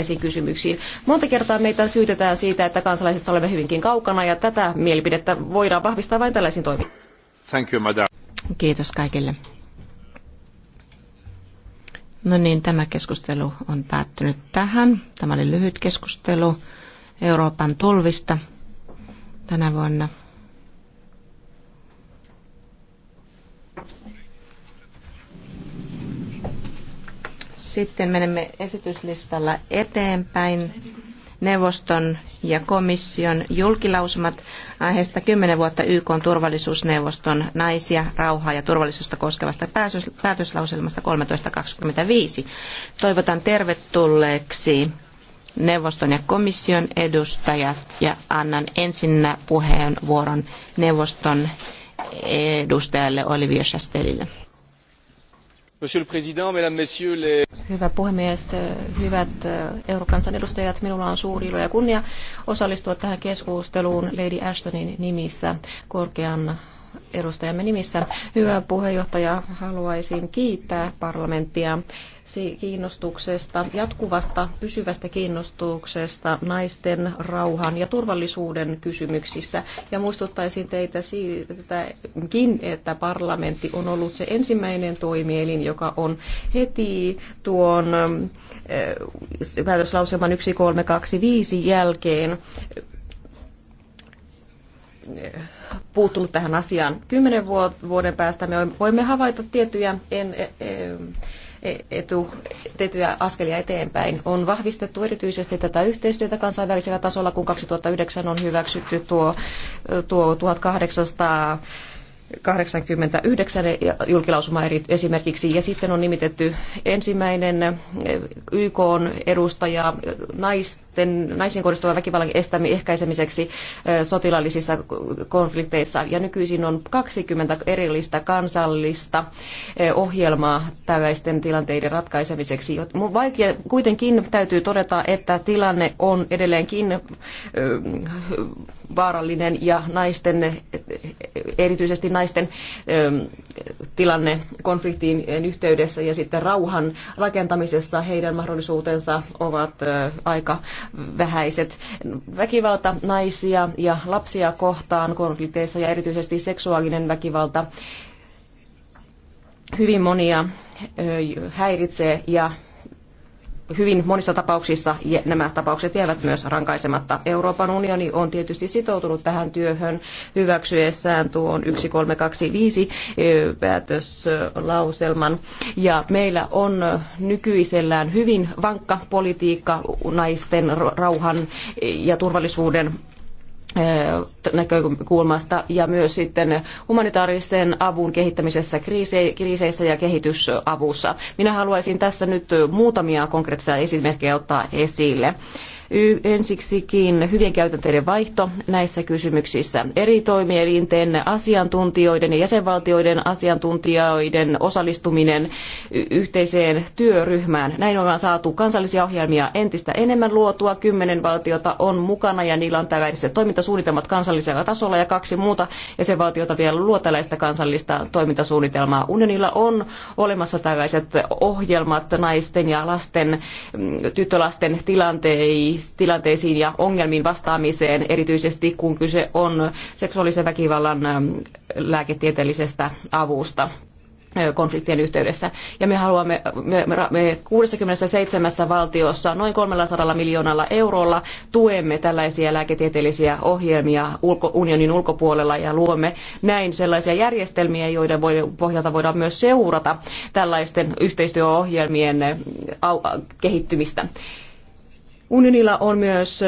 näihin kysymyksiin. Monta kertaa meitä syytetään siitä, että kansalaisista olemme hyvinkin kaukana ja tätä mielipidettä voidaan vahvistaa vain tällaisin toimin. Thank you, madam. Kiitos kaikille. No niin, tämä keskustelu on päättynyt tähän. Tämä oli lyhyt keskustelu Euroopan tulvista tänä vuonna. Sitten menemme esityslistalla eteenpäin. Neuvoston ja komission julkilausumat aiheesta 10 vuotta YK on turvallisuusneuvoston naisia, rauhaa ja turvallisuutta koskevasta päätöslauselmasta 1325. Toivotan tervetulleeksi neuvoston ja komission edustajat ja annan ensinnä puheenvuoron neuvoston edustajalle Olivia Chastelille. Monsieur le Président, Mesdames, Messieurs les... Hyvä puhemies, hyvät eurokansan minulla on suuri ilo ja kunnia osallistua tähän keskusteluun Lady Ashtonin nimissä korkean edustajamme nimissä. Hyvä puheenjohtaja, haluaisin kiittää parlamenttia kiinnostuksesta, jatkuvasta pysyvästä kiinnostuksesta naisten rauhan ja turvallisuuden kysymyksissä. Ja muistuttaisin teitä siitäkin, että parlamentti on ollut se ensimmäinen toimielin, joka on heti tuon päätöslauselman 1325 jälkeen puuttunut tähän asiaan. Kymmenen vuoden päästä me voimme havaita tiettyjä en, en, en, etu, tiettyjä askelia eteenpäin. On vahvistettu erityisesti tätä yhteistyötä kansainvälisellä tasolla, kun 2009 on hyväksytty tuo, tuo 1800 89 julkilausuma esimerkiksi, ja sitten on nimitetty ensimmäinen eh, YK edustaja naisten, naisiin kohdistuvan väkivallan ehkäisemiseksi eh, sotilaallisissa konflikteissa, ja nykyisin on 20 erillistä kansallista eh, ohjelmaa tällaisten tilanteiden ratkaisemiseksi. Vaikea, kuitenkin täytyy todeta, että tilanne on edelleenkin vaarallinen ja naisten, erityisesti naisten ähm, tilanne konfliktiin yhteydessä ja sitten rauhan rakentamisessa heidän mahdollisuutensa ovat äh, aika vähäiset. Väkivalta naisia ja lapsia kohtaan konflikteissa ja erityisesti seksuaalinen väkivalta hyvin monia äh, häiritsee ja hyvin monissa tapauksissa nämä tapaukset jäävät myös rankaisematta. Euroopan unioni on tietysti sitoutunut tähän työhön hyväksyessään tuon 1325 päätöslauselman. Ja meillä on nykyisellään hyvin vankka politiikka naisten rauhan ja turvallisuuden näkökulmasta ja myös sitten humanitaarisen avun kehittämisessä kriiseissä ja kehitysavussa. Minä haluaisin tässä nyt muutamia konkreettisia esimerkkejä ottaa esille. Ensiksikin hyvien käytänteiden vaihto näissä kysymyksissä. Eri toimielinten asiantuntijoiden ja jäsenvaltioiden asiantuntijoiden osallistuminen yhteiseen työryhmään. Näin ollaan saatu kansallisia ohjelmia entistä enemmän luotua. Kymmenen valtiota on mukana ja niillä on tällaiset toimintasuunnitelmat kansallisella tasolla ja kaksi muuta jäsenvaltiota vielä luo tällaista kansallista toimintasuunnitelmaa. Unionilla on olemassa tällaiset ohjelmat naisten ja lasten, mm, tyttölasten tilanteisiin tilanteisiin ja ongelmiin vastaamiseen, erityisesti kun kyse on seksuaalisen väkivallan ähm, lääketieteellisestä avusta äh, konfliktien yhteydessä. Ja me haluamme me, me 67 valtiossa noin 300 miljoonalla eurolla tuemme tällaisia lääketieteellisiä ohjelmia ulko, unionin ulkopuolella ja luomme näin sellaisia järjestelmiä, joiden voi, pohjalta voidaan myös seurata tällaisten yhteistyöohjelmien äh, äh, kehittymistä. Unionilla on myös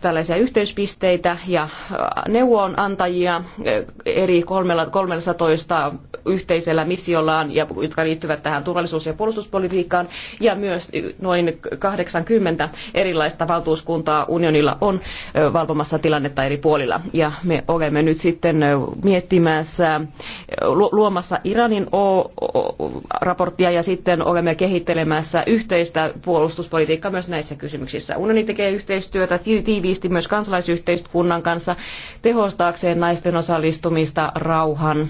tällaisia yhteyspisteitä ja neuvonantajia eri 13 yhteisellä missiollaan, jotka liittyvät tähän turvallisuus- ja puolustuspolitiikkaan, ja myös noin 80 erilaista valtuuskuntaa unionilla on valvomassa tilannetta eri puolilla. Ja me olemme nyt sitten miettimässä, luomassa Iranin raporttia ja sitten olemme kehittelemässä yhteistä puolustuspolitiikkaa myös näissä kysymyksissä unioni tekee yhteistyötä tiiviisti myös kansalaisyhteiskunnan kanssa tehostaakseen naisten osallistumista rauhan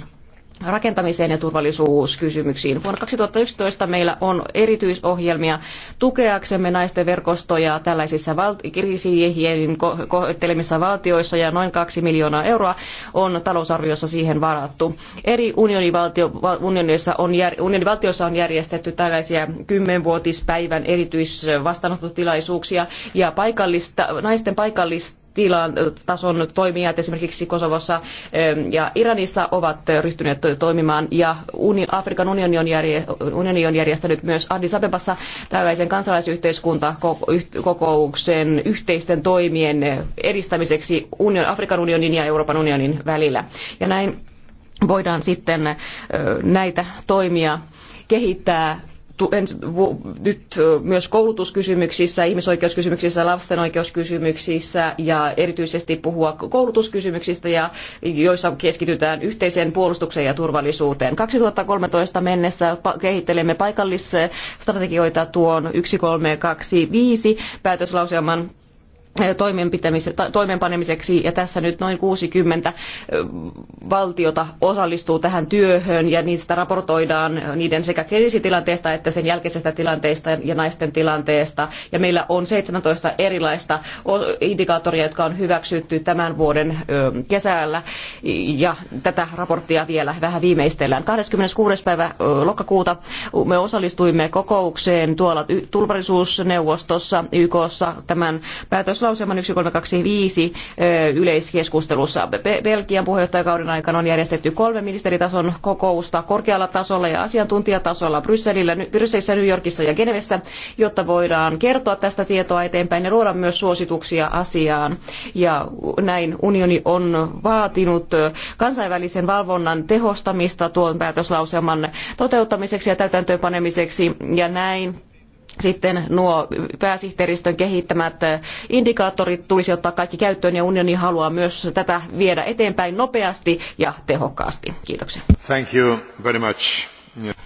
rakentamiseen ja turvallisuuskysymyksiin. Vuonna 2011 meillä on erityisohjelmia tukeaksemme naisten verkostoja tällaisissa val- kriisiin koettelemissa valtioissa ja noin kaksi miljoonaa euroa on talousarviossa siihen varattu. Eri unionivaltio, on, unionivaltioissa on järjestetty tällaisia kymmenvuotispäivän erityisvastaanottotilaisuuksia ja paikallista, naisten paikallista tilan, tason toimijat esimerkiksi Kosovossa ja Iranissa ovat ryhtyneet toimimaan ja Afrikan unioni on, järje, unioni on järjestänyt myös Addis Abebassa tällaisen kansalaisyhteiskuntakokouksen yhteisten toimien edistämiseksi union, Afrikan unionin ja Euroopan unionin välillä. Ja näin voidaan sitten näitä toimia kehittää nyt myös koulutuskysymyksissä, ihmisoikeuskysymyksissä, lasten oikeuskysymyksissä ja erityisesti puhua koulutuskysymyksistä, ja joissa keskitytään yhteiseen puolustukseen ja turvallisuuteen. 2013 mennessä kehittelemme paikallisstrategioita tuon 1325 päätöslauselman toimeenpanemiseksi ja tässä nyt noin 60 valtiota osallistuu tähän työhön ja niistä raportoidaan niiden sekä kriisitilanteesta että sen jälkeisestä tilanteesta ja naisten tilanteesta ja meillä on 17 erilaista indikaattoria, jotka on hyväksytty tämän vuoden kesällä ja tätä raporttia vielä vähän viimeistellään. 26. päivä lokakuuta me osallistuimme kokoukseen tuolla turvallisuusneuvostossa YKssa tämän päätöslauselman päätöslauselman 1325 yleiskeskustelussa. Belgian puheenjohtajakauden aikana on järjestetty kolme ministeritason kokousta korkealla tasolla ja asiantuntijatasolla Brysselillä, Brysselissä, New Yorkissa ja Genevessä, jotta voidaan kertoa tästä tietoa eteenpäin ja luoda myös suosituksia asiaan. Ja näin unioni on vaatinut kansainvälisen valvonnan tehostamista tuon päätöslauselman toteuttamiseksi ja täytäntöönpanemiseksi ja näin sitten nuo pääsihteeristön kehittämät indikaattorit tulisi ottaa kaikki käyttöön ja unioni haluaa myös tätä viedä eteenpäin nopeasti ja tehokkaasti. Kiitoksia. Thank you very much. Yeah.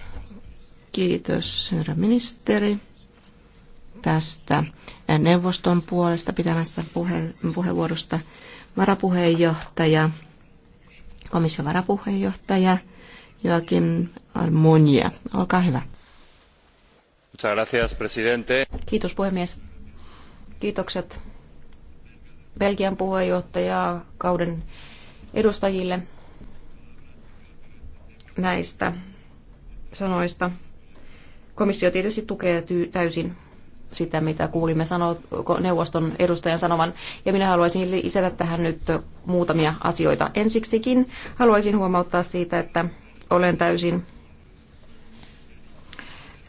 Kiitos herra ministeri tästä neuvoston puolesta pitämästä puhe- puheenvuorosta varapuheenjohtaja, komission varapuheenjohtaja Joakim Almunia. Olkaa hyvä. Kiitos puhemies. Kiitokset Belgian puheenjohtajaa kauden edustajille näistä sanoista. Komissio tietysti tukee täysin sitä, mitä kuulimme sano, neuvoston edustajan sanovan. Ja minä haluaisin lisätä tähän nyt muutamia asioita. Ensiksikin haluaisin huomauttaa siitä, että olen täysin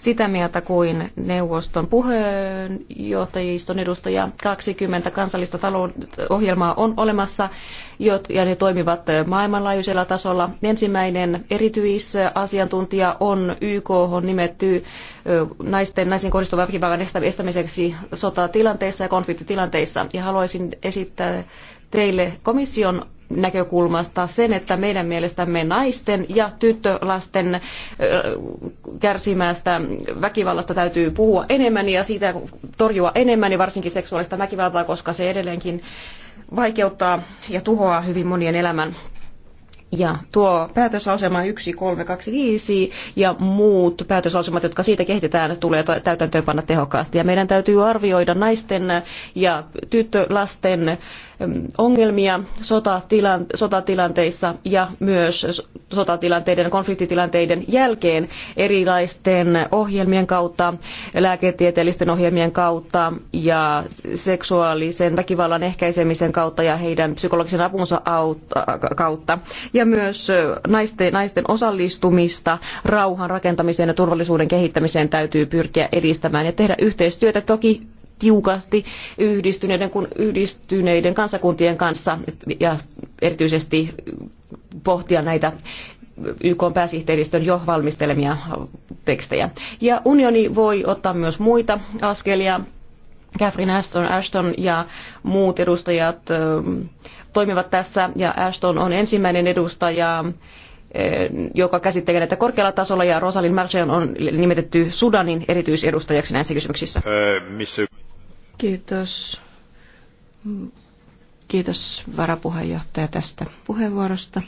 sitä mieltä kuin neuvoston puheenjohtajiston edustaja. 20 kansallista ohjelmaa on olemassa ja ne toimivat maailmanlaajuisella tasolla. Ensimmäinen erityisasiantuntija on YK on nimetty naisten, naisiin kohdistuvan väkivallan estämiseksi sotatilanteissa ja konfliktitilanteissa. Ja haluaisin esittää teille komission näkökulmasta sen, että meidän mielestämme naisten ja tyttölasten kärsimästä väkivallasta täytyy puhua enemmän ja siitä torjua enemmän ja niin varsinkin seksuaalista väkivaltaa, koska se edelleenkin vaikeuttaa ja tuhoaa hyvin monien elämän. Ja tuo päätösasema 1325 ja muut päätösasemat, jotka siitä kehitetään, tulee täytäntöönpanna tehokkaasti. Ja meidän täytyy arvioida naisten ja tyttölasten ongelmia sotatilanteissa ja myös sotatilanteiden, konfliktitilanteiden jälkeen erilaisten ohjelmien kautta, lääketieteellisten ohjelmien kautta ja seksuaalisen väkivallan ehkäisemisen kautta ja heidän psykologisen apunsa kautta. Ja myös naisten, naisten osallistumista rauhan rakentamiseen ja turvallisuuden kehittämiseen täytyy pyrkiä edistämään ja tehdä yhteistyötä toki tiukasti yhdistyneiden, kun yhdistyneiden kansakuntien kanssa ja erityisesti pohtia näitä YK pääsihteeristön jo valmistelemia tekstejä. Ja unioni voi ottaa myös muita askelia. Catherine Ashton, Ashton ja muut edustajat toimivat tässä ja Ashton on ensimmäinen edustaja joka käsittelee näitä korkealla tasolla, ja Rosalind Marchand on nimetetty Sudanin erityisedustajaksi näissä kysymyksissä. missä... Kiitos. Kiitos varapuheenjohtaja tästä puheenvuorosta.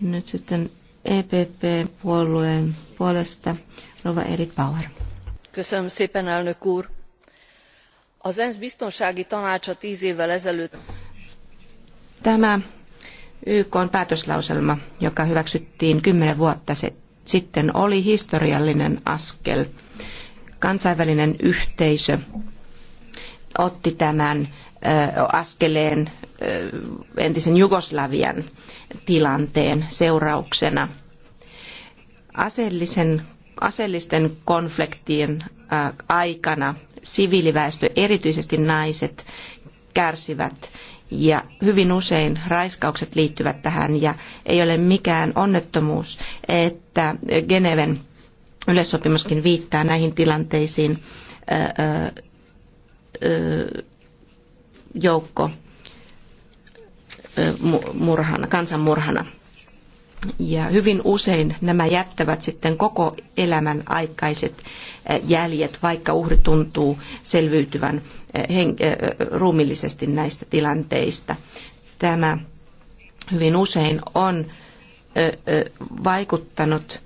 Nyt sitten EPP-puolueen puolesta Rova Erik Bauer. Köszönöm szépen, elnök úr! Az ENSZ biztonsági tanácsa tíz évvel ezelőtt... Tämä YK on päätöslauselma, joka hyväksyttiin kymmenen vuotta sitten, oli historiallinen askel Kansainvälinen yhteisö otti tämän askeleen entisen Jugoslavian tilanteen seurauksena. Aseellisen, aseellisten konfliktien aikana siviiliväestö, erityisesti naiset, kärsivät ja hyvin usein raiskaukset liittyvät tähän ja ei ole mikään onnettomuus, että Geneven Yleissopimuskin viittaa näihin tilanteisiin joukko murhana, kansanmurhana. Ja hyvin usein nämä jättävät sitten koko elämän aikaiset jäljet, vaikka uhri tuntuu selviytyvän ruumillisesti näistä tilanteista. Tämä hyvin usein on vaikuttanut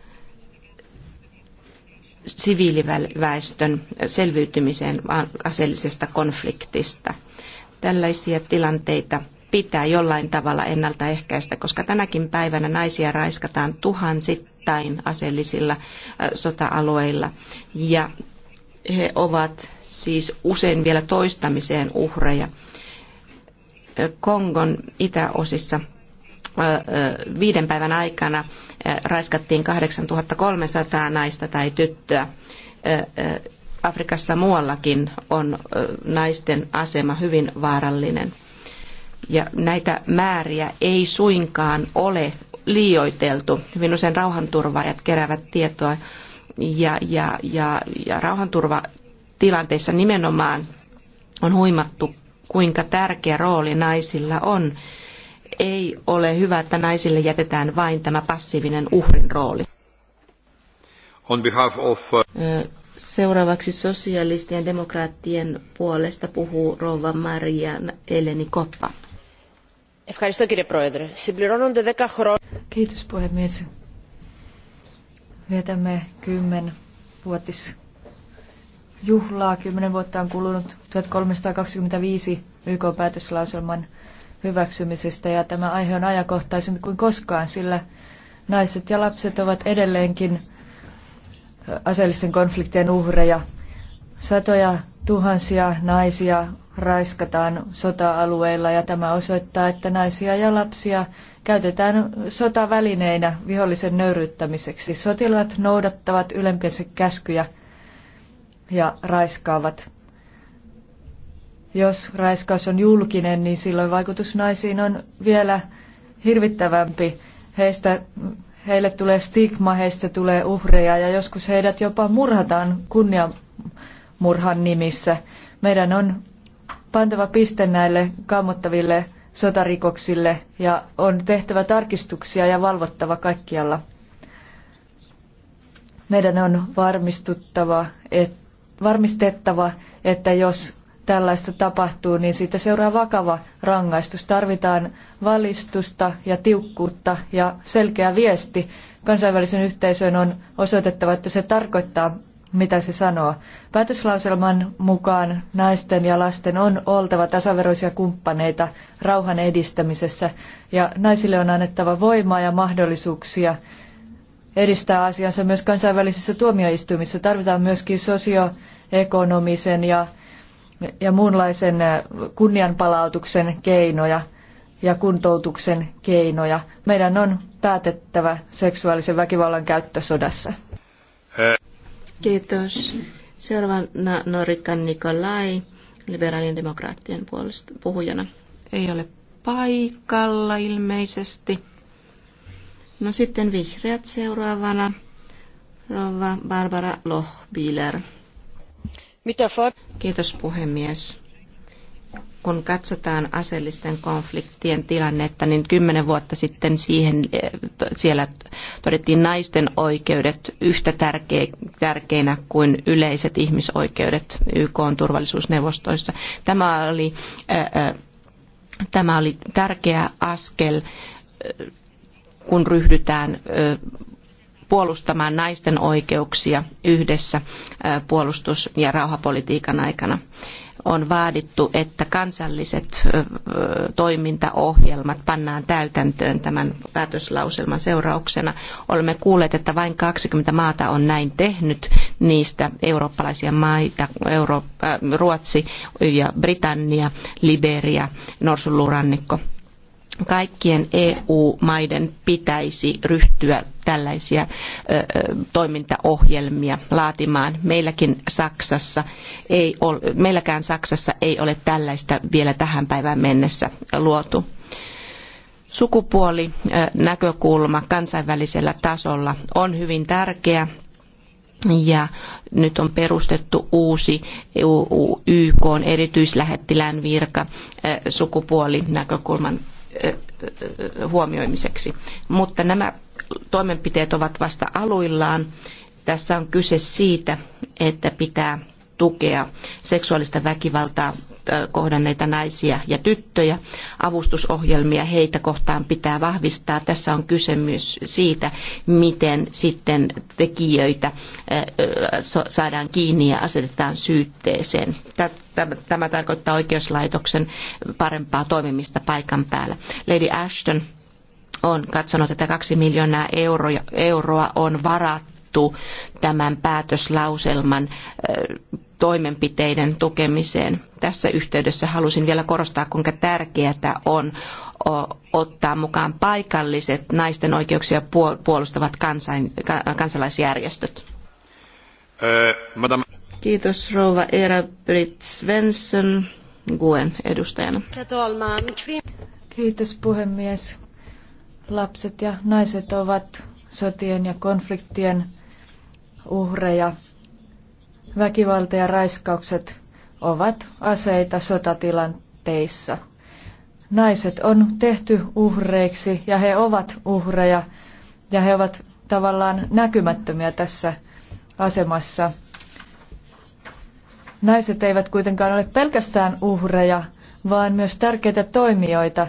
siviiliväestön selviytymiseen aseellisesta konfliktista. Tällaisia tilanteita pitää jollain tavalla ennaltaehkäistä, koska tänäkin päivänä naisia raiskataan tuhansittain aseellisilla sota-alueilla ja he ovat siis usein vielä toistamiseen uhreja. Kongon itäosissa viiden päivän aikana raiskattiin 8300 naista tai tyttöä. Afrikassa muuallakin on naisten asema hyvin vaarallinen. Ja näitä määriä ei suinkaan ole liioiteltu. Hyvin usein rauhanturvaajat keräävät tietoa ja, ja, ja, ja rauhanturvatilanteissa nimenomaan on huimattu, kuinka tärkeä rooli naisilla on ei ole hyvä, että naisille jätetään vain tämä passiivinen uhrin rooli. Of... Uh, seuraavaksi sosialistien demokraattien puolesta puhuu rouva Maria Eleni Koppa. Kiitos puhemies. Vietämme kymmen vuotis juhlaa. Kymmenen vuotta on kulunut 1325 YK-päätöslauselman hyväksymisestä ja tämä aihe on ajankohtaisempi kuin koskaan, sillä naiset ja lapset ovat edelleenkin aseellisten konfliktien uhreja. Satoja tuhansia naisia raiskataan sota-alueilla ja tämä osoittaa, että naisia ja lapsia käytetään sotavälineinä vihollisen nöyryttämiseksi. Sotilaat noudattavat ylempiensä käskyjä ja raiskaavat jos raiskaus on julkinen, niin silloin vaikutus naisiin on vielä hirvittävämpi. Heistä, heille tulee stigma, heistä tulee uhreja ja joskus heidät jopa murhataan kunniamurhan nimissä. Meidän on pantava piste näille kammottaville sotarikoksille ja on tehtävä tarkistuksia ja valvottava kaikkialla. Meidän on varmistuttava, et, varmistettava, että jos tällaista tapahtuu, niin siitä seuraa vakava rangaistus. Tarvitaan valistusta ja tiukkuutta ja selkeä viesti. Kansainvälisen yhteisön on osoitettava, että se tarkoittaa, mitä se sanoo. Päätöslauselman mukaan naisten ja lasten on oltava tasaveroisia kumppaneita rauhan edistämisessä ja naisille on annettava voimaa ja mahdollisuuksia edistää asiansa myös kansainvälisissä tuomioistuimissa. Tarvitaan myöskin sosioekonomisen ja ja muunlaisen äh, kunnianpalautuksen keinoja ja kuntoutuksen keinoja. Meidän on päätettävä seksuaalisen väkivallan käyttö sodassa. Kiitos. Seuraavana Norikan Nikolai, liberaalien demokraattien puolesta puhujana. Ei ole paikalla ilmeisesti. No sitten vihreät seuraavana. Rova Barbara Lohbiler. Kiitos puhemies. Kun katsotaan aseellisten konfliktien tilannetta, niin kymmenen vuotta sitten siihen, eh, siellä todettiin naisten oikeudet yhtä tärkeinä kuin yleiset ihmisoikeudet YK turvallisuusneuvostoissa. Tämä oli, ää, eh, eh, tämä oli tärkeä askel kun ryhdytään puolustamaan naisten oikeuksia yhdessä puolustus- ja rauhapolitiikan aikana on vaadittu, että kansalliset toimintaohjelmat pannaan täytäntöön tämän päätöslauselman seurauksena. Olemme kuulleet, että vain 20 maata on näin tehnyt, niistä eurooppalaisia maita, Ruotsi ja Britannia, Liberia, Norsunluurannikko kaikkien EU-maiden pitäisi ryhtyä tällaisia toimintaohjelmia laatimaan. Meilläkin Saksassa ei meilläkään Saksassa ei ole tällaista vielä tähän päivään mennessä luotu. Sukupuolinäkökulma kansainvälisellä tasolla on hyvin tärkeä ja nyt on perustettu uusi e YK erityislähettilään virka sukupuolinäkökulman huomioimiseksi. Mutta nämä toimenpiteet ovat vasta aluillaan. Tässä on kyse siitä, että pitää tukea seksuaalista väkivaltaa kohdanneita naisia ja tyttöjä. Avustusohjelmia heitä kohtaan pitää vahvistaa. Tässä on kyse myös siitä, miten sitten tekijöitä saadaan kiinni ja asetetaan syytteeseen. Tämä tarkoittaa oikeuslaitoksen parempaa toimimista paikan päällä. Lady Ashton on katsonut, että kaksi miljoonaa euroa on varattu tämän päätöslauselman toimenpiteiden tukemiseen. Tässä yhteydessä halusin vielä korostaa, kuinka tärkeää on ottaa mukaan paikalliset naisten oikeuksia puolustavat kansalaisjärjestöt. Äh, Kiitos rouva Eera Britt Svensson Guen edustajana. Kiitos puhemies. Lapset ja naiset ovat sotien ja konfliktien uhreja Väkivalta ja raiskaukset ovat aseita sotatilanteissa. Naiset on tehty uhreiksi ja he ovat uhreja ja he ovat tavallaan näkymättömiä tässä asemassa. Naiset eivät kuitenkaan ole pelkästään uhreja, vaan myös tärkeitä toimijoita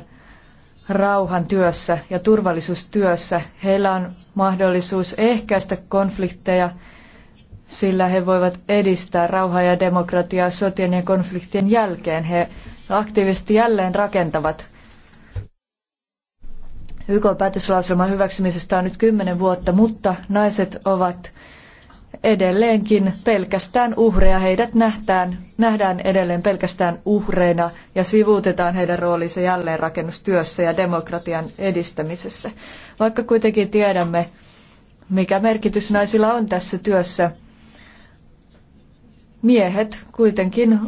rauhan työssä ja turvallisuustyössä. Heillä on mahdollisuus ehkäistä konflikteja sillä he voivat edistää rauhaa ja demokratiaa sotien ja konfliktien jälkeen. He aktiivisesti jälleen rakentavat. YK-päätöslauselman hyväksymisestä on nyt kymmenen vuotta, mutta naiset ovat edelleenkin pelkästään uhreja. Heidät nähtään, nähdään edelleen pelkästään uhreina ja sivuutetaan heidän roolinsa jälleenrakennustyössä ja demokratian edistämisessä. Vaikka kuitenkin tiedämme, mikä merkitys naisilla on tässä työssä, miehet kuitenkin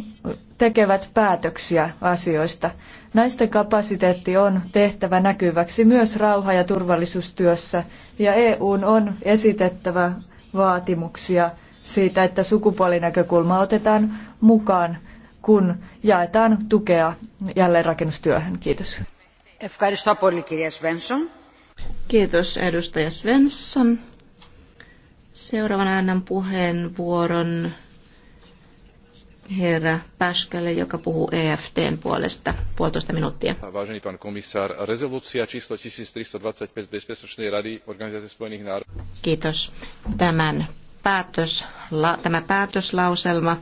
tekevät päätöksiä asioista. Naisten kapasiteetti on tehtävä näkyväksi myös rauha- ja turvallisuustyössä, ja EUn on esitettävä vaatimuksia siitä, että sukupuolinäkökulma otetaan mukaan, kun jaetaan tukea jälleenrakennustyöhön. Kiitos. Kiitos edustaja Svensson. Seuraavana annan puheenvuoron herra Paskalle, joka puhuu EFTn puolesta puolitoista minuuttia. Vážený pan komisár, rezolúcia číslo 1325 Bezpečnostnej rady Organizácie spojených národov. Kiitos. Tämän päätös, tämä päätöslauselma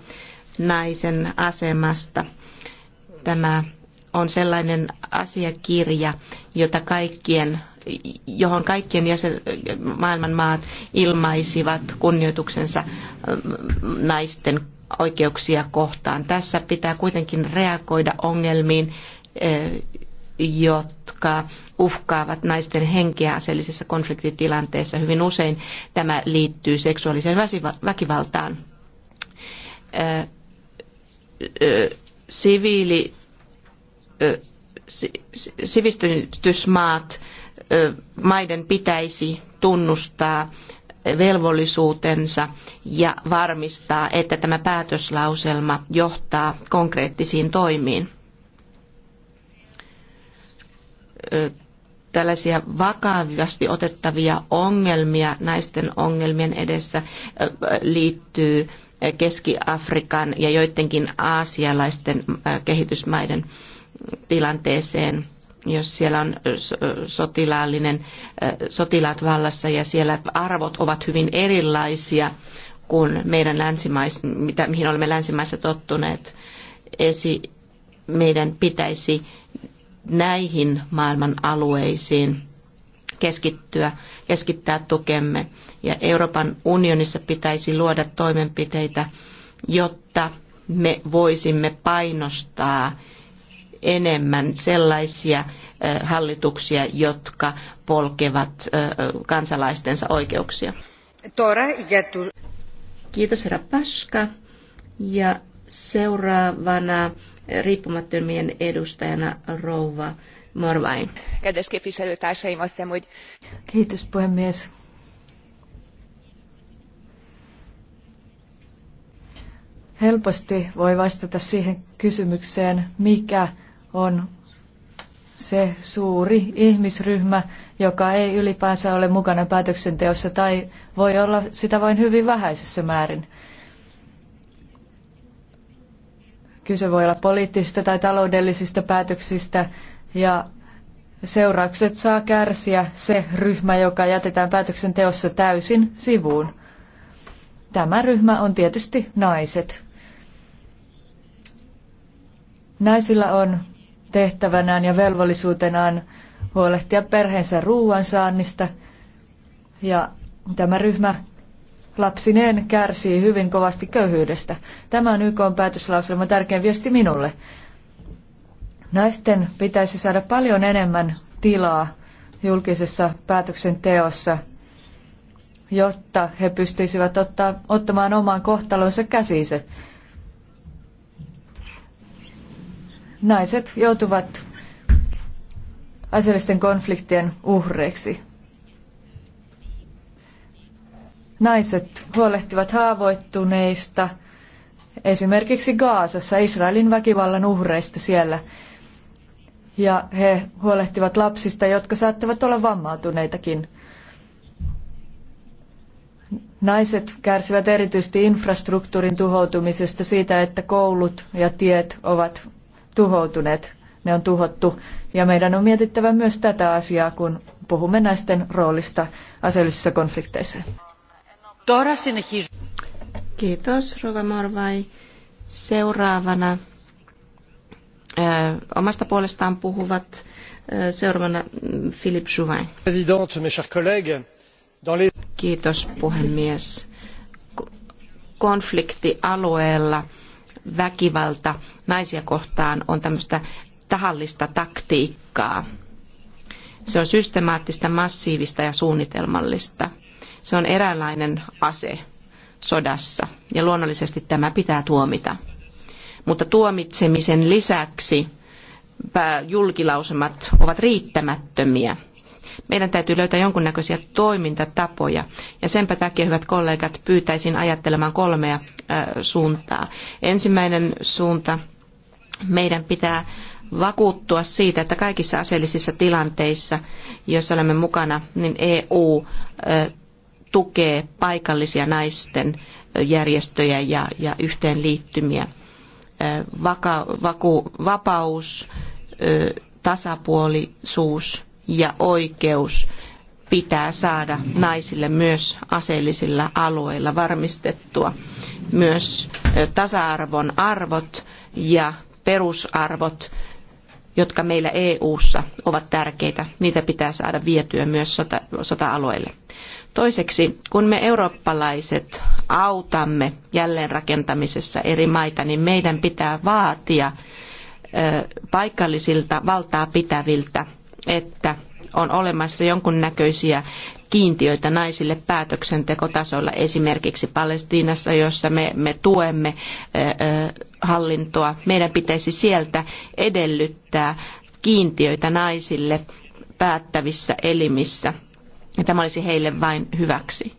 naisen asemasta. Tämä on sellainen asiakirja, jota kaikkien johon kaikkien jäsen, maailman maat ilmaisivat kunnioituksensa mm, naisten oikeuksia kohtaan. Tässä pitää kuitenkin reagoida ongelmiin, eh, jotka uhkaavat naisten henkeä aseellisessa konfliktitilanteessa. Hyvin usein tämä liittyy seksuaaliseen väkivaltaan. Eh, eh, siviili, sivistysmaat, maiden pitäisi tunnustaa velvollisuutensa ja varmistaa, että tämä päätöslauselma johtaa konkreettisiin toimiin. Tällaisia vakavasti otettavia ongelmia naisten ongelmien edessä liittyy Keski-Afrikan ja joidenkin aasialaisten kehitysmaiden tilanteeseen jos siellä on sotilaallinen, sotilaat vallassa ja siellä arvot ovat hyvin erilaisia kuin meidän länsimais, mitä, mihin olemme länsimaissa tottuneet. Esi, meidän pitäisi näihin maailman alueisiin keskittyä, keskittää tukemme. Ja Euroopan unionissa pitäisi luoda toimenpiteitä, jotta me voisimme painostaa enemmän sellaisia hallituksia, jotka polkevat kansalaistensa oikeuksia. Kiitos herra Paska. Ja seuraavana riippumattomien edustajana rouva Morvain. Kedves képviselőtársaim, azt Kiitos puhemies. Helposti voi vastata siihen kysymykseen, mikä on se suuri ihmisryhmä, joka ei ylipäänsä ole mukana päätöksenteossa tai voi olla sitä vain hyvin vähäisessä määrin. Kyse voi olla poliittisista tai taloudellisista päätöksistä ja seuraukset saa kärsiä se ryhmä, joka jätetään päätöksenteossa täysin sivuun. Tämä ryhmä on tietysti naiset. Naisilla on tehtävänään ja velvollisuutenaan huolehtia perheensä ruoansaannista. Ja tämä ryhmä lapsineen kärsii hyvin kovasti köyhyydestä. Tämä on YK on päätöslauselman tärkein viesti minulle. Naisten pitäisi saada paljon enemmän tilaa julkisessa päätöksenteossa, jotta he pystyisivät ottaa, ottamaan oman kohtalonsa käsiinsä. naiset joutuvat aseellisten konfliktien uhreiksi. Naiset huolehtivat haavoittuneista, esimerkiksi Gaasassa, Israelin väkivallan uhreista siellä. Ja he huolehtivat lapsista, jotka saattavat olla vammautuneitakin. Naiset kärsivät erityisesti infrastruktuurin tuhoutumisesta siitä, että koulut ja tiet ovat tuhoutuneet, ne on tuhottu. Ja meidän on mietittävä myös tätä asiaa, kun puhumme naisten roolista aseellisissa konflikteissa. Kiitos, Rova Morvai. Seuraavana omasta puolestaan puhuvat seuraavana mm, Philippe Jouvin. Kiitos puhemies. Konfliktialueella väkivalta naisia kohtaan on tämmöistä tahallista taktiikkaa. Se on systemaattista, massiivista ja suunnitelmallista. Se on eräänlainen ase sodassa ja luonnollisesti tämä pitää tuomita. Mutta tuomitsemisen lisäksi äh, julkilausumat ovat riittämättömiä – meidän täytyy löytää jonkunnäköisiä toimintatapoja. Ja senpä takia, hyvät kollegat, pyytäisin ajattelemaan kolmea äh, suuntaa. Ensimmäinen suunta, meidän pitää vakuuttua siitä, että kaikissa aseellisissa tilanteissa, joissa olemme mukana, niin EU äh, tukee paikallisia naisten äh, järjestöjä ja, ja yhteenliittymiä. Vaka, vaku, vapaus, tasapuolisuus ja oikeus pitää saada naisille myös aseellisilla alueilla varmistettua. Myös tasa-arvon arvot ja perusarvot, jotka meillä EU:ssa ovat tärkeitä, niitä pitää saada vietyä myös sota-alueille. Toiseksi, kun me eurooppalaiset autamme jälleenrakentamisessa eri maita, niin meidän pitää vaatia paikallisilta valtaa pitäviltä että on olemassa jonkunnäköisiä kiintiöitä naisille päätöksentekotasolla, esimerkiksi Palestiinassa, jossa me, me tuemme hallintoa. Meidän pitäisi sieltä edellyttää kiintiöitä naisille päättävissä elimissä. Ja tämä olisi heille vain hyväksi.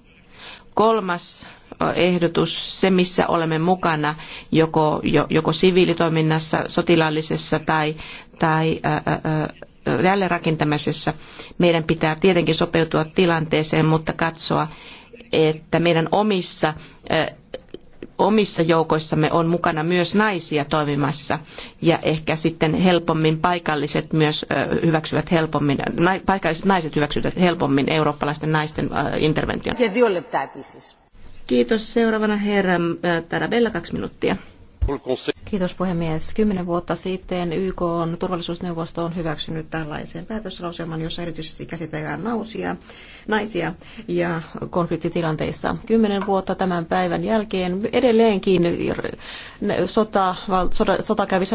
Kolmas ehdotus, se missä olemme mukana joko, joko siviilitoiminnassa, sotilaallisessa tai, tai jälleenrakentamisessa meidän pitää tietenkin sopeutua tilanteeseen, mutta katsoa, että meidän omissa omissa joukoissamme on mukana myös naisia toimimassa ja ehkä sitten helpommin paikalliset myös hyväksyvät helpommin, paikalliset naiset hyväksyvät helpommin eurooppalaisten naisten intervention. Siis. Kiitos. Seuraavana herra Tarabella kaksi minuuttia. Kiitos puhemies. Kymmenen vuotta sitten YK on turvallisuusneuvosto on hyväksynyt tällaisen päätöslauselman, jossa erityisesti käsitellään nausia, naisia ja konfliktitilanteissa. Kymmenen vuotta tämän päivän jälkeen edelleenkin sota, val,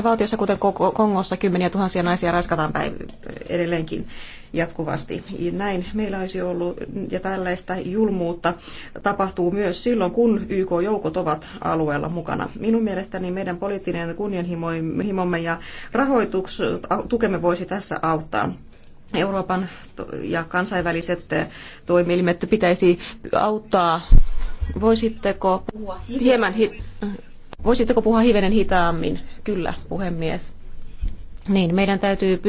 valtioissa, kuten Kongossa, kymmeniä tuhansia naisia raiskataan päiv- edelleenkin jatkuvasti. Näin meillä olisi ollut, ja tällaista julmuutta tapahtuu myös silloin, kun YK-joukot ovat alueella mukana. Minun mielestäni meidän poliittinen kunnianhimomme ja rahoitus, tukemme voisi tässä auttaa. Euroopan ja kansainväliset toimielimet pitäisi auttaa. Voisitteko Voisitteko puhua hivenen hitaammin? Kyllä, puhemies. Niin, meidän täytyy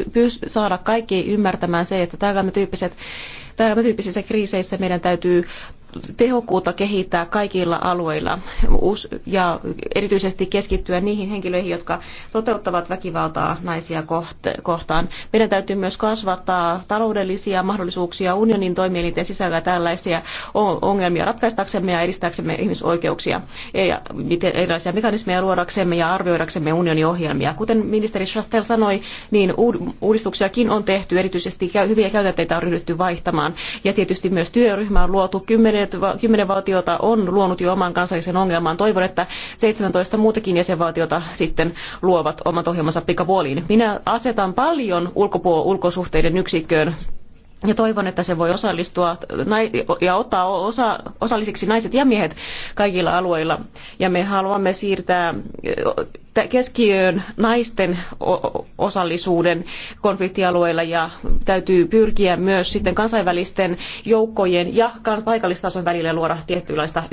saada kaikki ymmärtämään se, että tämän tyyppiset tämän tyyppisissä kriiseissä meidän täytyy tehokkuutta kehittää kaikilla alueilla ja erityisesti keskittyä niihin henkilöihin, jotka toteuttavat väkivaltaa naisia kohtaan. Meidän täytyy myös kasvattaa taloudellisia mahdollisuuksia unionin toimielinten sisällä tällaisia ongelmia ratkaistaksemme ja edistääksemme ihmisoikeuksia ja erilaisia mekanismeja luodaksemme ja arvioidaksemme unionin ohjelmia. Kuten ministeri Chastel sanoi, niin uudistuksiakin on tehty, erityisesti hyviä käytänteitä on ryhdytty vaihtamaan ongelmaan. Ja tietysti myös työryhmä on luotu, kymmenet, kymmenen valtiota on luonut jo oman kansallisen ongelman. Toivon, että 17 muutakin jäsenvaltiota sitten luovat omat ohjelmansa pikapuoliin. Minä asetan paljon ulkosuhteiden yksikköön ja toivon, että se voi osallistua ja ottaa osa, osallisiksi naiset ja miehet kaikilla alueilla. Ja me haluamme siirtää keskiöön naisten osallisuuden konfliktialueilla ja täytyy pyrkiä myös sitten kansainvälisten joukkojen ja paikallistason välillä luoda tietynlaista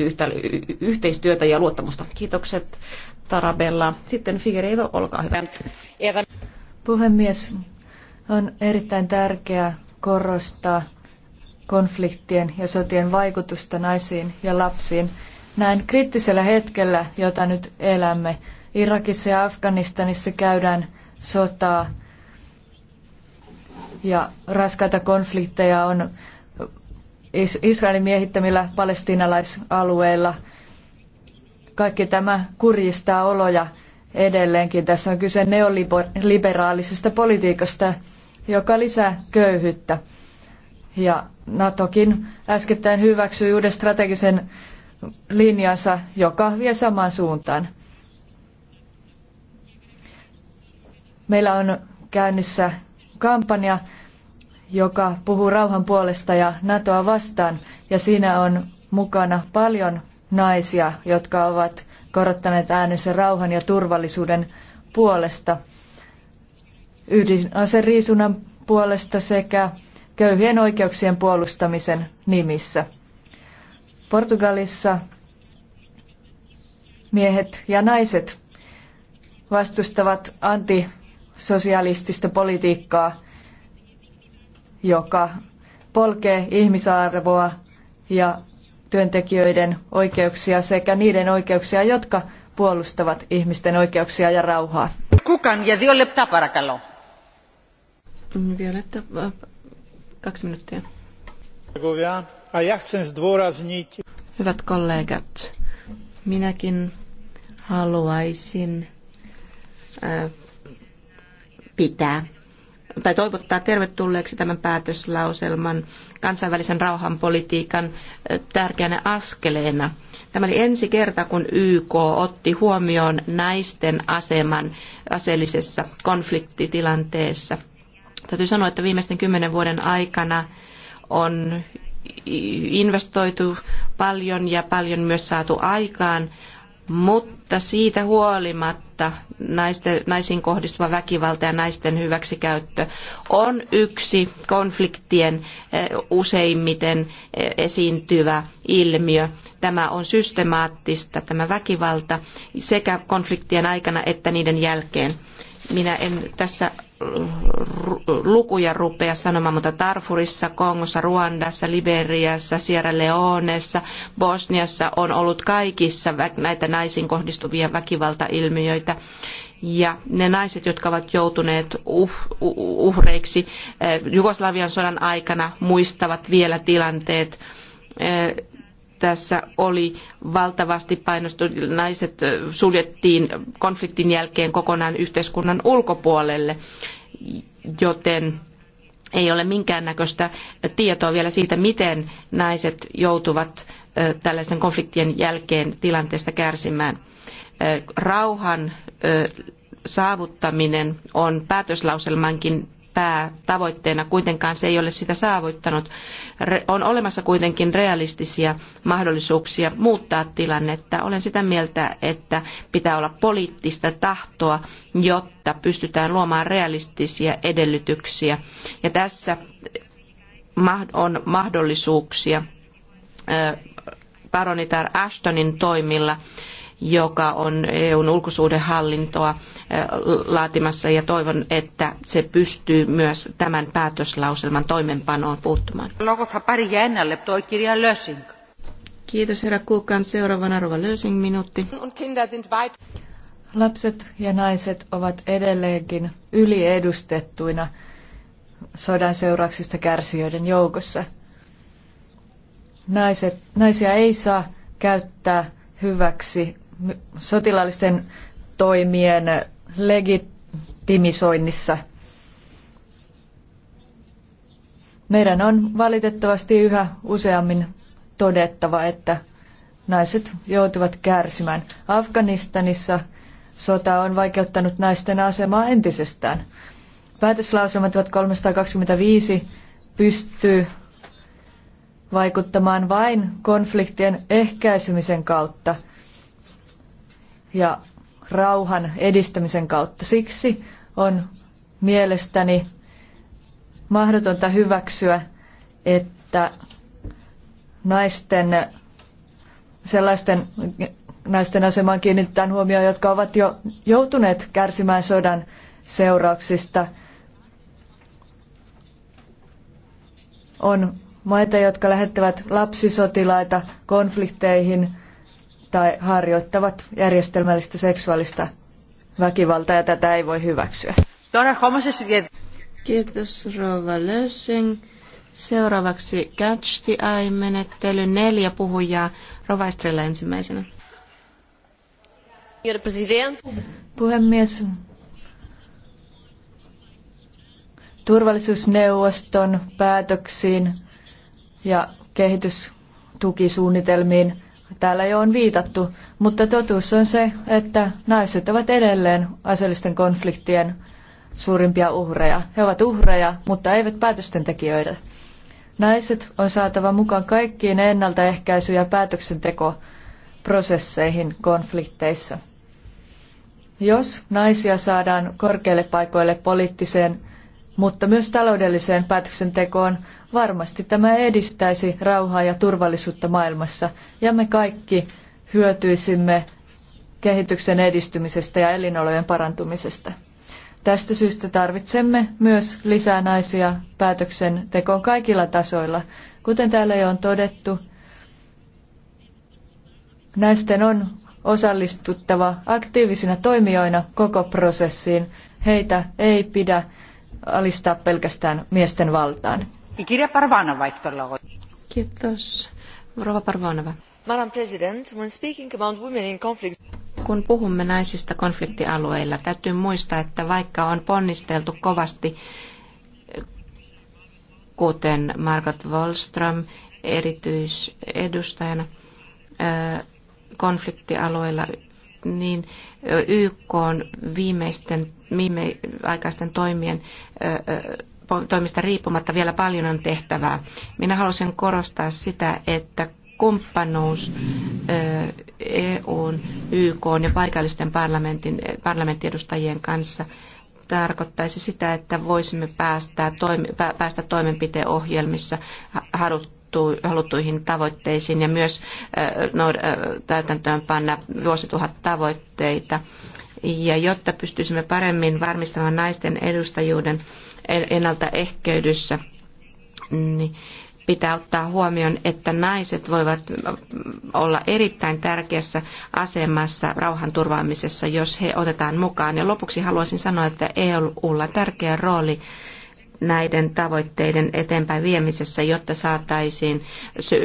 yhteistyötä ja luottamusta. Kiitokset Tarabella. Sitten Figueiredo, olkaa hyvä. Puhemies, on erittäin tärkeää korostaa konfliktien ja sotien vaikutusta naisiin ja lapsiin. Näin kriittisellä hetkellä, jota nyt elämme, Irakissa ja Afganistanissa käydään sotaa ja raskaita konflikteja on Israelin miehittämillä palestiinalaisalueilla. Kaikki tämä kurjistaa oloja edelleenkin. Tässä on kyse neoliberaalisesta politiikasta, joka lisää köyhyyttä. Ja NATOkin äskettäin hyväksyi uuden strategisen linjansa, joka vie samaan suuntaan. Meillä on käynnissä kampanja, joka puhuu rauhan puolesta ja NATOa vastaan, ja siinä on mukana paljon naisia, jotka ovat korottaneet äänensä rauhan ja turvallisuuden puolesta – ydinaseriisunnan puolesta sekä köyhien oikeuksien puolustamisen nimissä. Portugalissa miehet ja naiset vastustavat antisosialistista politiikkaa, joka polkee ihmisarvoa ja työntekijöiden oikeuksia sekä niiden oikeuksia, jotka puolustavat ihmisten oikeuksia ja rauhaa. Kukan ja leptä parakalo. Violetta, kaksi minuuttia. Hyvät kollegat, minäkin haluaisin e, pitää tai toivottaa tervetulleeksi tämän päätöslauselman kansainvälisen rauhanpolitiikan e, tärkeänä askeleena. Tämä oli ensi kerta, kun YK otti huomioon naisten aseman aseellisessa konfliktitilanteessa – Täytyy sanoa, että viimeisten kymmenen vuoden aikana on investoitu paljon ja paljon myös saatu aikaan, mutta siitä huolimatta naisten, naisiin kohdistuva väkivalta ja naisten hyväksikäyttö on yksi konfliktien eh, useimmiten eh, esiintyvä ilmiö. Tämä on systemaattista, tämä väkivalta, sekä konfliktien aikana että niiden jälkeen. Minä en tässä lukuja rupea sanomaan, mutta Tarfurissa, Kongossa, Ruandassa, Liberiassa, Sierra Leoneessa, Bosniassa on ollut kaikissa näitä naisiin kohdistuvia väkivaltailmiöitä. Ja ne naiset, jotka ovat joutuneet uh, uh, uhreiksi eh, Jugoslavian sodan aikana, muistavat vielä tilanteet eh, tässä oli valtavasti painostunut. Naiset suljettiin konfliktin jälkeen kokonaan yhteiskunnan ulkopuolelle, joten ei ole minkäännäköistä tietoa vielä siitä, miten naiset joutuvat tällaisten konfliktien jälkeen tilanteesta kärsimään. Rauhan saavuttaminen on päätöslauselmankin päätavoitteena, kuitenkaan se ei ole sitä saavuttanut. on olemassa kuitenkin realistisia mahdollisuuksia muuttaa tilannetta. Olen sitä mieltä, että pitää olla poliittista tahtoa, jotta pystytään luomaan realistisia edellytyksiä. Ja tässä on mahdollisuuksia baronitar Ashtonin toimilla joka on EUn ulkosuhdehallintoa eh, laatimassa ja toivon, että se pystyy myös tämän päätöslauselman toimenpanoon puuttumaan. Kiitos herra Kuukan. Seuraavana Rova Lösing minuutti. Lapset ja naiset ovat edelleenkin yliedustettuina sodan seurauksista kärsijöiden joukossa. Naiset, naisia ei saa käyttää hyväksi sotilaallisten toimien legitimisoinnissa. Meidän on valitettavasti yhä useammin todettava, että naiset joutuvat kärsimään. Afganistanissa sota on vaikeuttanut naisten asemaa entisestään. Päätöslauselma 1325 pystyy vaikuttamaan vain konfliktien ehkäisemisen kautta – ja rauhan edistämisen kautta. Siksi on mielestäni mahdotonta hyväksyä, että naisten, sellaisten naisten asemaan kiinnitetään huomioon, jotka ovat jo joutuneet kärsimään sodan seurauksista. On maita, jotka lähettävät lapsisotilaita konflikteihin – tai harjoittavat järjestelmällistä seksuaalista väkivaltaa ja tätä ei voi hyväksyä. Kiitos Rova Lösing. Seuraavaksi Catch the Eye-menettely. Neljä puhujaa. Rova Estrella ensimmäisenä. Puhemies, turvallisuusneuvoston päätöksiin ja kehitystukisuunnitelmiin täällä jo on viitattu, mutta totuus on se, että naiset ovat edelleen aseellisten konfliktien suurimpia uhreja. He ovat uhreja, mutta eivät päätösten tekijöitä. Naiset on saatava mukaan kaikkiin ennaltaehkäisy- ja päätöksentekoprosesseihin konflikteissa. Jos naisia saadaan korkeille paikoille poliittiseen, mutta myös taloudelliseen päätöksentekoon, Varmasti tämä edistäisi rauhaa ja turvallisuutta maailmassa ja me kaikki hyötyisimme kehityksen edistymisestä ja elinolojen parantumisesta. Tästä syystä tarvitsemme myös lisää naisia päätöksentekoon kaikilla tasoilla. Kuten täällä jo on todettu, naisten on osallistuttava aktiivisina toimijoina koko prosessiin. Heitä ei pidä alistaa pelkästään miesten valtaan. Kirja Parvanova, Kiitos. Rova Parvanova. Madam President, when speaking about women in conflict... Kun puhumme naisista konfliktialueilla, täytyy muistaa, että vaikka on ponnisteltu kovasti, kuten Margot Wallström erityisedustajana konfliktialueilla, niin YK on viimeisten viimeaikaisten toimien toimista riippumatta vielä paljon on tehtävää. Minä haluaisin korostaa sitä, että kumppanuus EUn, YK ja paikallisten parlamentin, parlamenttiedustajien kanssa tarkoittaisi sitä, että voisimme päästä, toimi, päästä toimenpideohjelmissa haluttuihin tavoitteisiin ja myös täytäntöön panna vuosituhat tavoitteita ja jotta pystyisimme paremmin varmistamaan naisten edustajuuden ennaltaehkäydyssä, niin pitää ottaa huomioon, että naiset voivat olla erittäin tärkeässä asemassa rauhanturvaamisessa, jos he otetaan mukaan. Ja lopuksi haluaisin sanoa, että EUlla on tärkeä rooli näiden tavoitteiden eteenpäin viemisessä, jotta saataisiin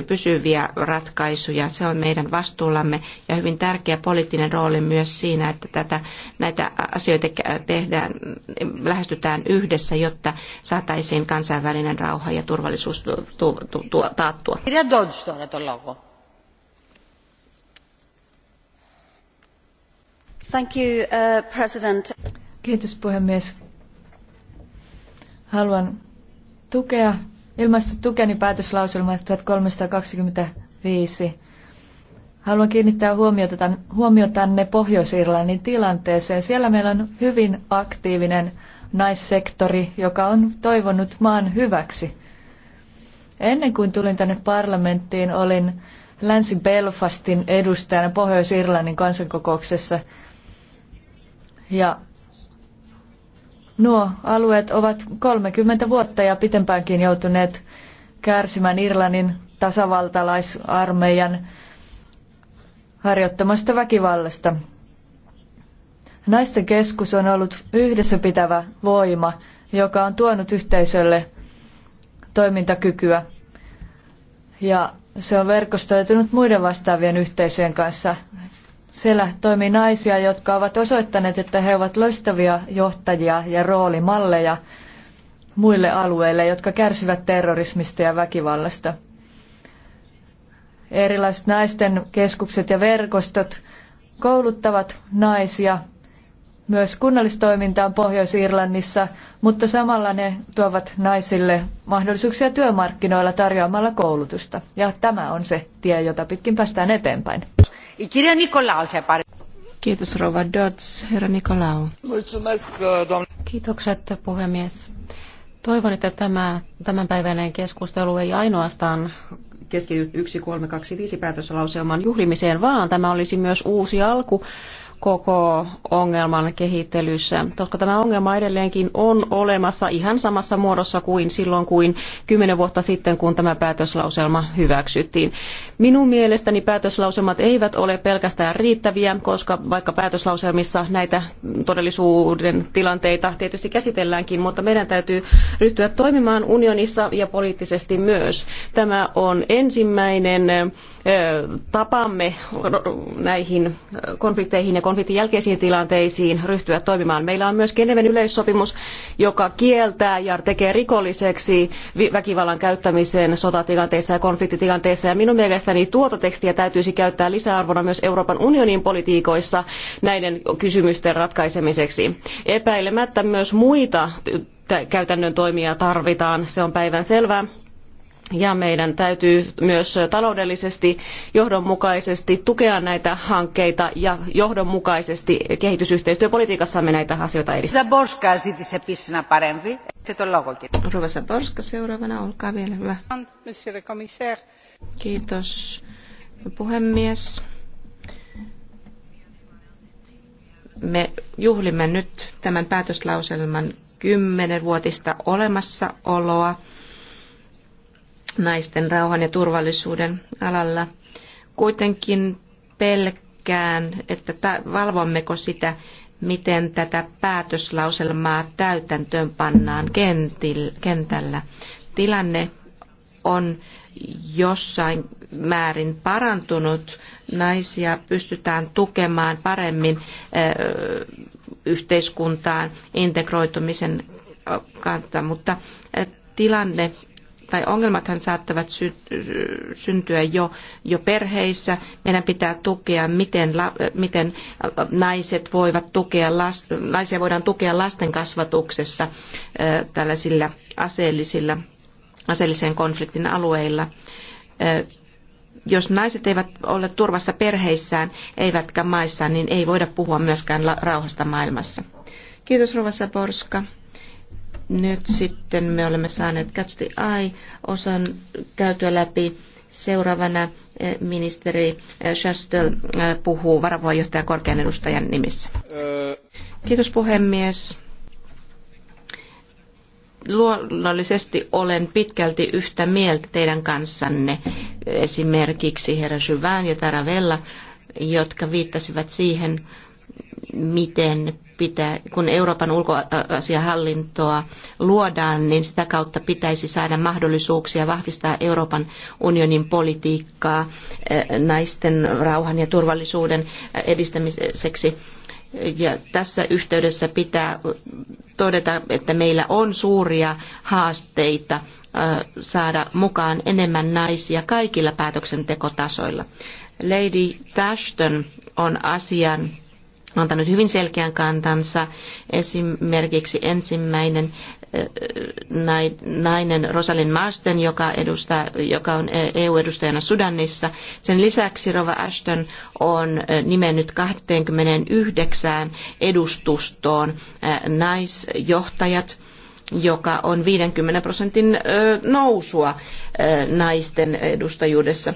pysyviä ratkaisuja. Se on meidän vastuullamme ja hyvin tärkeä poliittinen rooli myös siinä, että tätä, näitä asioita tehdään, lähestytään yhdessä, jotta saataisiin kansainvälinen rauha ja turvallisuus taattua. Thank you, uh, President. Kiitos puhemies. Haluan tukea, ilmaista tukeni päätöslauselma 1325. Haluan kiinnittää huomiota, tänne Pohjois-Irlannin tilanteeseen. Siellä meillä on hyvin aktiivinen naissektori, joka on toivonut maan hyväksi. Ennen kuin tulin tänne parlamenttiin, olin Länsi-Belfastin edustajana Pohjois-Irlannin kansankokouksessa. Ja Nuo alueet ovat 30 vuotta ja pitempäänkin joutuneet kärsimään Irlannin tasavaltalaisarmeijan harjoittamasta väkivallasta. Naisten keskus on ollut yhdessä pitävä voima, joka on tuonut yhteisölle toimintakykyä. Ja se on verkostoitunut muiden vastaavien yhteisöjen kanssa siellä toimii naisia, jotka ovat osoittaneet, että he ovat loistavia johtajia ja roolimalleja muille alueille, jotka kärsivät terrorismista ja väkivallasta. Erilaiset naisten keskukset ja verkostot kouluttavat naisia myös kunnallistoimintaan Pohjois-Irlannissa, mutta samalla ne tuovat naisille mahdollisuuksia työmarkkinoilla tarjoamalla koulutusta. Ja tämä on se tie, jota pitkin päästään eteenpäin. Kiitos Rova Dodds, herra Nikolau. Kiitokset puhemies. Toivon, että tämä tämänpäiväinen keskustelu ei ainoastaan keskity 1325 päätöslauselman juhlimiseen, vaan tämä olisi myös uusi alku koko ongelman kehittelyssä, koska tämä ongelma edelleenkin on olemassa ihan samassa muodossa kuin silloin kuin kymmenen vuotta sitten, kun tämä päätöslauselma hyväksyttiin. Minun mielestäni päätöslauselmat eivät ole pelkästään riittäviä, koska vaikka päätöslauselmissa näitä todellisuuden tilanteita tietysti käsitelläänkin, mutta meidän täytyy ryhtyä toimimaan unionissa ja poliittisesti myös. Tämä on ensimmäinen tapamme näihin konflikteihin ja konflikteihin konfliktin jälkeisiin tilanteisiin ryhtyä toimimaan. Meillä on myös Geneven yleissopimus, joka kieltää ja tekee rikolliseksi väkivallan käyttämisen sotatilanteissa ja konfliktitilanteissa. Ja minun mielestäni tuota tekstiä täytyisi käyttää lisäarvona myös Euroopan unionin politiikoissa näiden kysymysten ratkaisemiseksi. Epäilemättä myös muita käytännön toimia tarvitaan, se on päivän selvää ja meidän täytyy myös taloudellisesti johdonmukaisesti tukea näitä hankkeita ja johdonmukaisesti kehitysyhteistyöpolitiikassamme näitä asioita edistää. Zaborska zitise pissinä parempi. Rova Zaborska seuraavana, olkaa vielä hyvä. Kiitos puhemies. Me juhlimme nyt tämän päätöslauselman kymmenenvuotista olemassaoloa naisten rauhan ja turvallisuuden alalla. Kuitenkin pelkään, että valvommeko sitä, miten tätä päätöslauselmaa täytäntöön pannaan kentällä. Tilanne on jossain määrin parantunut. Naisia pystytään tukemaan paremmin yhteiskuntaan integroitumisen kautta, mutta tilanne tai ongelmathan saattavat syntyä jo, jo perheissä. Meidän pitää tukea, miten, miten naiset voivat tukea, las, naisia voidaan tukea lasten kasvatuksessa äh, tällaisilla aseellisilla, aseellisen konfliktin alueilla äh, jos naiset eivät ole turvassa perheissään eivätkä maissaan, niin ei voida puhua myöskään rauhasta maailmassa. Kiitos Rova Saborska. Nyt sitten me olemme saaneet Catch the Eye-osan käytyä läpi. Seuraavana eh, ministeri eh, Schastel eh, puhuu varapuheenjohtajan korkean edustajan nimissä. Kiitos puhemies. Luonnollisesti olen pitkälti yhtä mieltä teidän kanssanne, esimerkiksi herra Syvään ja Taravella, jotka viittasivat siihen, miten pitää, kun Euroopan ulkoasiahallintoa luodaan, niin sitä kautta pitäisi saada mahdollisuuksia vahvistaa Euroopan unionin politiikkaa eh, naisten rauhan ja turvallisuuden eh, edistämiseksi. Ja tässä yhteydessä pitää todeta, että meillä on suuria haasteita eh, saada mukaan enemmän naisia kaikilla päätöksentekotasoilla. Lady Ashton on asian antanut hyvin selkeän kantansa. Esimerkiksi ensimmäinen nainen Rosalyn Masten, joka, edustaa, joka on EU-edustajana Sudanissa. Sen lisäksi Rova Ashton on nimennyt 29 edustustoon naisjohtajat joka on 50 prosentin nousua naisten edustajuudessa.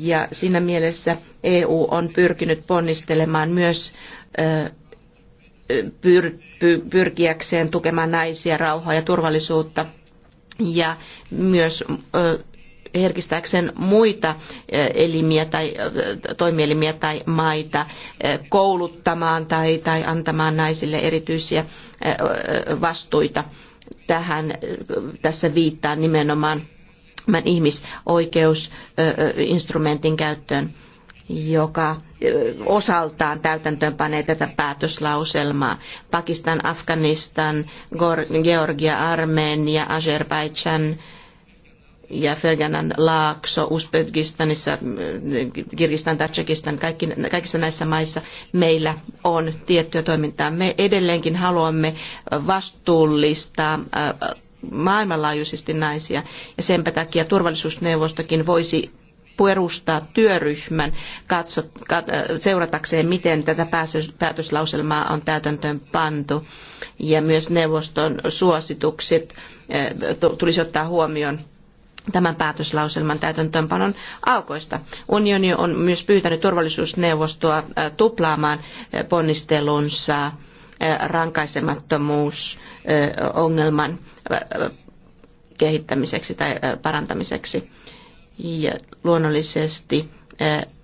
Ja siinä mielessä EU on pyrkinyt ponnistelemaan myös pyrkiäkseen tukemaan naisia, rauhaa ja turvallisuutta ja myös herkistääkseen muita elimiä tai toimielimiä tai maita kouluttamaan tai, tai antamaan naisille erityisiä vastuita. Tähän tässä viittaa nimenomaan ihmisoikeusinstrumentin käyttöön joka osaltaan täytäntöönpanee tätä päätöslauselmaa. Pakistan, Afganistan, Georgia, Armenia, Azerbaijan ja Ferganan Laakso, Uzbekistanissa, Kirgistan, Tatsekistan, kaikki, kaikissa näissä maissa meillä on tiettyä toimintaa. Me edelleenkin haluamme vastuullistaa maailmanlaajuisesti naisia ja sen takia turvallisuusneuvostokin voisi perustaa työryhmän katso, kat, äh, seuratakseen, miten tätä päätöslauselmaa on täytäntöön pantu. Ja myös neuvoston suositukset äh, tulisi ottaa huomioon tämän päätöslauselman täytäntöönpanon alkoista. Unioni on myös pyytänyt turvallisuusneuvostoa äh, tuplaamaan ponnistelunsa rankaisemattomuusongelman kehittämiseksi tai parantamiseksi ja luonnollisesti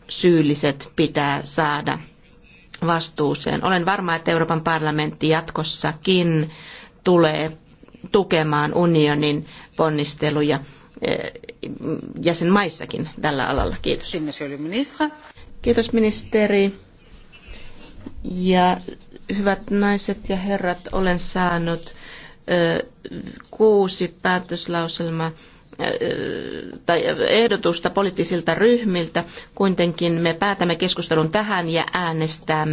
syylliset pitää saada vastuuseen. Olen varma, että Euroopan parlamentti jatkossakin tulee tukemaan unionin ponnisteluja jäsenmaissakin tällä alalla. Kiitos. Kiitos ministeri. Ja hyvät naiset ja herrat, olen saanut ö, kuusi päätöslauselmaa tai ehdotusta poliittisilta ryhmiltä. Kuitenkin me päätämme keskustelun tähän ja äänestämme.